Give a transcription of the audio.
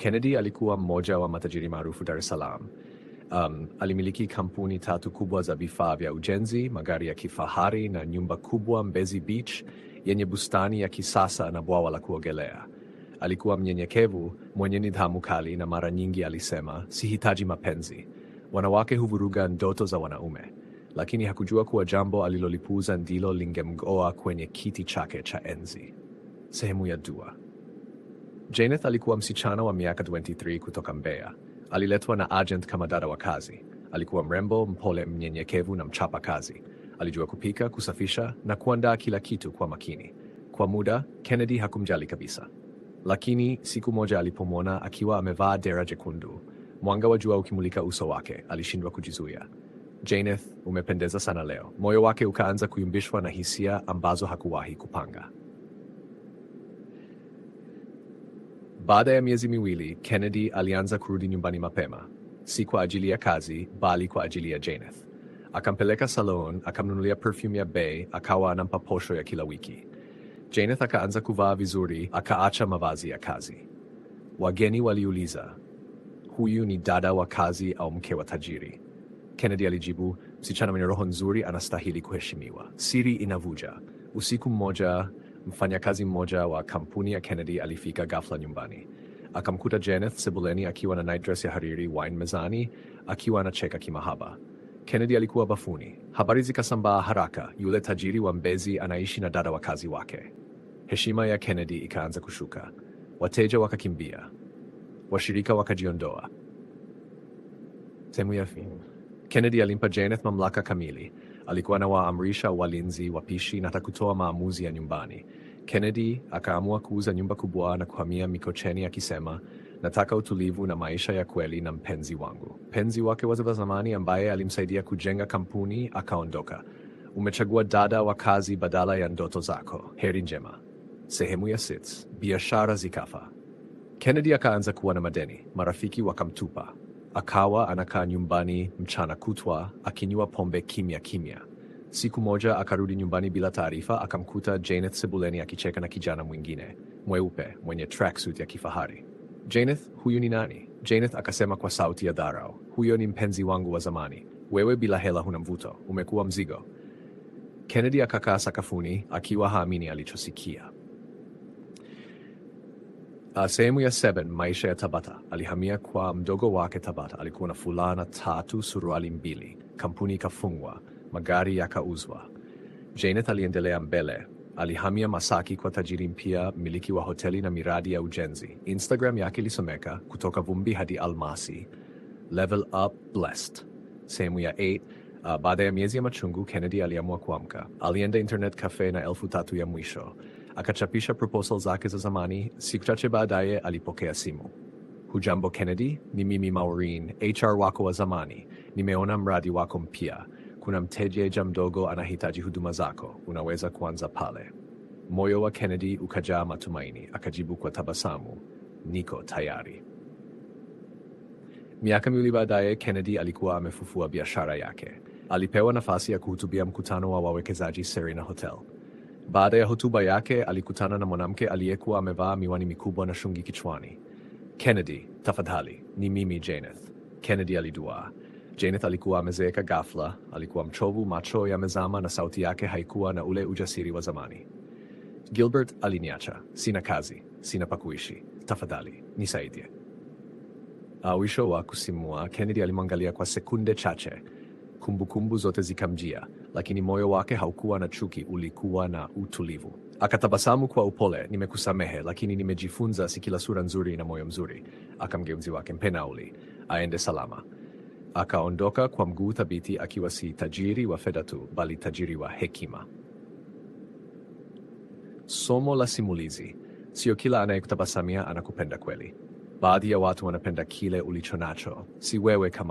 Kennedy alikuwa mmoja wa matajiri maarufu Dar es Salaam. Um, alimiliki kampuni tatu kubwa za vifaa vya ujenzi, magari ya kifahari na nyumba kubwa Mbezi Beach yenye bustani ya kisasa na bwawa la kuogelea. Alikuwa mnyenyekevu, mwenye nidhamu kali na mara nyingi alisema, sihitaji mapenzi. Wanawake huvuruga ndoto za wanaume, lakini hakujua kuwa jambo alilolipuuza ndilo lingemgoa kwenye kiti chake cha enzi. Sehemu ya dua. Janeth alikuwa msichana wa miaka 23 kutoka Mbeya. Aliletwa na agent kama dada wa kazi. Alikuwa mrembo, mpole, mnyenyekevu na mchapa kazi. Alijua kupika, kusafisha na kuandaa kila kitu kwa makini. Kwa muda, Kennedy hakumjali kabisa, lakini siku moja alipomwona akiwa amevaa dera jekundu, mwanga wa jua ukimulika uso wake, alishindwa kujizuia. Janeth, umependeza sana leo. Moyo wake ukaanza kuyumbishwa na hisia ambazo hakuwahi kupanga. Baada ya miezi miwili, Kennedy alianza kurudi nyumbani mapema, si kwa ajili ya kazi, bali kwa ajili ya Janeth. Akampeleka salon, akamnunulia perfume ya bei, akawa anampa posho ya kila wiki. Janeth akaanza kuvaa vizuri, akaacha mavazi ya kazi. Wageni waliuliza, huyu ni dada wa kazi au mke wa tajiri? Kennedy alijibu, msichana mwenye roho nzuri anastahili kuheshimiwa. Siri inavuja. Usiku mmoja Mfanyakazi mmoja wa kampuni ya Kennedy alifika ghafla nyumbani. Akamkuta Janeth sebuleni akiwa na nightdress ya hariri wine mezani, akiwa anacheka kimahaba. Kennedy alikuwa bafuni. Habari zikasambaa haraka, yule tajiri wa Mbezi anaishi na dada wakazi wake. Heshima ya Kennedy ikaanza kushuka. Wateja wakakimbia, washirika wakajiondoa. Sehemu ya film. Hmm. Kennedy alimpa Janeth mamlaka kamili alikuwa anawaamrisha walinzi, wapishi na hata kutoa maamuzi ya nyumbani. Kennedy akaamua kuuza nyumba kubwa na kuhamia Mikocheni akisema, nataka utulivu na maisha ya kweli na mpenzi wangu. Mpenzi wake wa zamani ambaye alimsaidia kujenga kampuni akaondoka. Umechagua dada wa kazi badala ya ndoto zako. Heri njema. Sehemu ya biashara zikafa. Kennedy akaanza kuwa na madeni, marafiki wakamtupa akawa anakaa nyumbani mchana kutwa akinywa pombe kimya kimya. Siku moja akarudi nyumbani bila taarifa, akamkuta Janeth sebuleni akicheka na kijana mwingine mweupe mwenye tracksuit ya kifahari. Janeth, huyu ni nani? Janeth akasema kwa sauti ya dharau, huyo ni mpenzi wangu wa zamani. Wewe bila hela huna mvuto, umekuwa mzigo. Kennedy akakaa sakafuni akiwa haamini alichosikia. Sehemu ya saba maisha ya Tabata. Alihamia kwa mdogo wake Tabata. Alikuwa na fulana tatu, suruali mbili. Kampuni ikafungwa, magari yakauzwa. Janet aliendelea mbele. Alihamia Masaki kwa tajiri mpya, miliki wa hoteli na miradi ya ujenzi. Instagram yake ilisomeka kutoka vumbi hadi almasi. Level up blessed. Sehemu ya 8. Uh, baada ya miezi ya machungu, Kennedy aliamua kuamka. Alienda internet cafe na elfu tatu ya mwisho akachapisha proposal zake za zamani. Siku chache baadaye alipokea simu. Hujambo Kennedy, ni mimi Maureen, HR wako wa zamani. Nimeona mradi wako mpya, kuna mteja mdogo anahitaji huduma zako, unaweza kuanza pale. Moyo wa Kennedy ukajaa matumaini, akajibu kwa tabasamu, niko tayari. Miaka miwili baadaye, Kennedy alikuwa amefufua biashara yake. Alipewa nafasi ya kuhutubia mkutano wa wawekezaji Serena Hotel. Baada ya hotuba yake alikutana na mwanamke aliyekuwa amevaa miwani mikubwa na shungi kichwani. Kennedy, tafadhali, ni mimi Janeth. Kennedy alidua. Janeth alikuwa amezeeka ghafla, alikuwa mchovu, macho yamezama na sauti yake haikuwa na ule ujasiri wa zamani. Gilbert aliniacha, sina kazi, sina pa kuishi, tafadhali nisaidie. Awisho wa kusimua, Kennedy alimwangalia kwa sekunde chache, kumbukumbu zote zikamjia lakini moyo wake haukuwa na chuki, ulikuwa na utulivu. Akatabasamu kwa upole, nimekusamehe, lakini nimejifunza si kila sura nzuri na moyo mzuri. Akamgeuzi wake mpe nauli, aende salama. Akaondoka kwa mguu thabiti, akiwa si tajiri wa fedha tu, bali tajiri wa hekima. Somo la simulizi: sio kila anayekutabasamia anakupenda kweli. Baadhi ya watu wanapenda kile ulicho nacho, si wewe kama